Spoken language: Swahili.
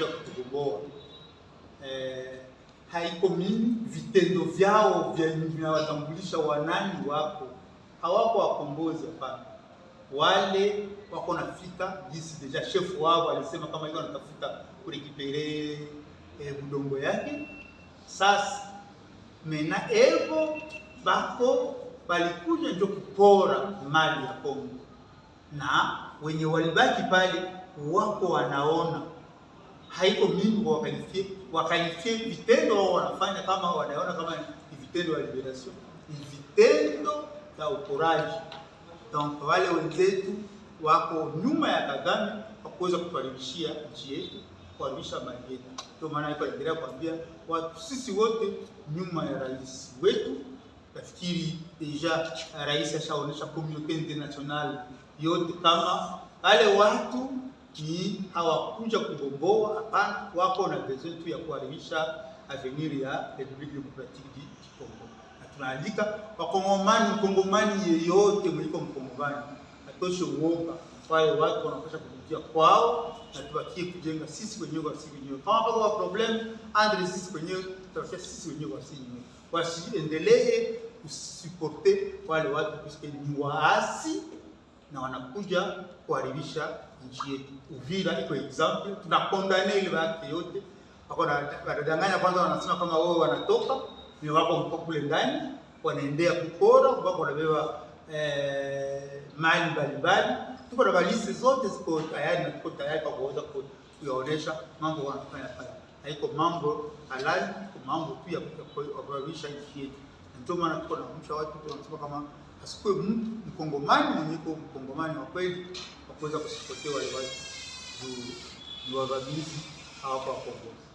watakuja kutukomboa. E, haiko mimi, vitendo vyao vinawatambulisha wanani wako hawako wakombozi. Hapana, wale wako nafika jinsi deja shefu wao alisema kama iko anatafuta kurekipere eh, budongo e, yake sasa mena evo bako balikuja ndio kupora mali ya Kongo, na wenye walibaki pale wako wanaona haiko mimi kwa wakalifie vitendo wao wanafanya kama wanaona kama ni vitendo ya liberation, ni vitendo vya uporaji. Donc wale wenzetu wako nyuma ya Kagame kwa kuweza kutuharibishia nchi yetu, kuharibisha mali yetu. Ndio maana iko endelea kuambia watu sisi wote nyuma ya rais wetu. Nafikiri deja rais ashaonesha community international yote kama wale watu ki hawakuja kugomboa, hapana, wako na bezeni tu ya kuharibisha avenir ya Republique Democratique du Congo. Na tunaalika Wakongomani, Mkongomani yeyote mliko Mkongomani atoshe uoga, wale watu wanapasha kurudia kwao, na tubakie kujenga sisi wenyewe kwa sisi wenyewe. Kama pako problem andre sisi wenyewe tutafikia sisi wenyewe kwa sisi wenyewe, wasiendelee kusuporte wale watu kusikia ni waasi na wanakuja kuharibisha nchi yetu. Uvira iko example, tunakondane ile watu yote wako wanadanganya. Kwanza wanasema kama wao wanatoka ni wako mko kule ndani, wanaendea kukora ambako wanabeba eh, mali mbalimbali. Tuko na balisi zote ziko tayari na tuko tayari kwa kuweza kuyaonesha mambo wanafanya pale. Haiko mambo halali, iko mambo pia ya kuharibisha nchi yetu. Ndio maana tuko na msha watu tunasema kama Asikuwe mtu mkongomani mwenye uko mkongomani wa kweli wakuweza kusipotewa juu juu wavamizi hawako wakombozi.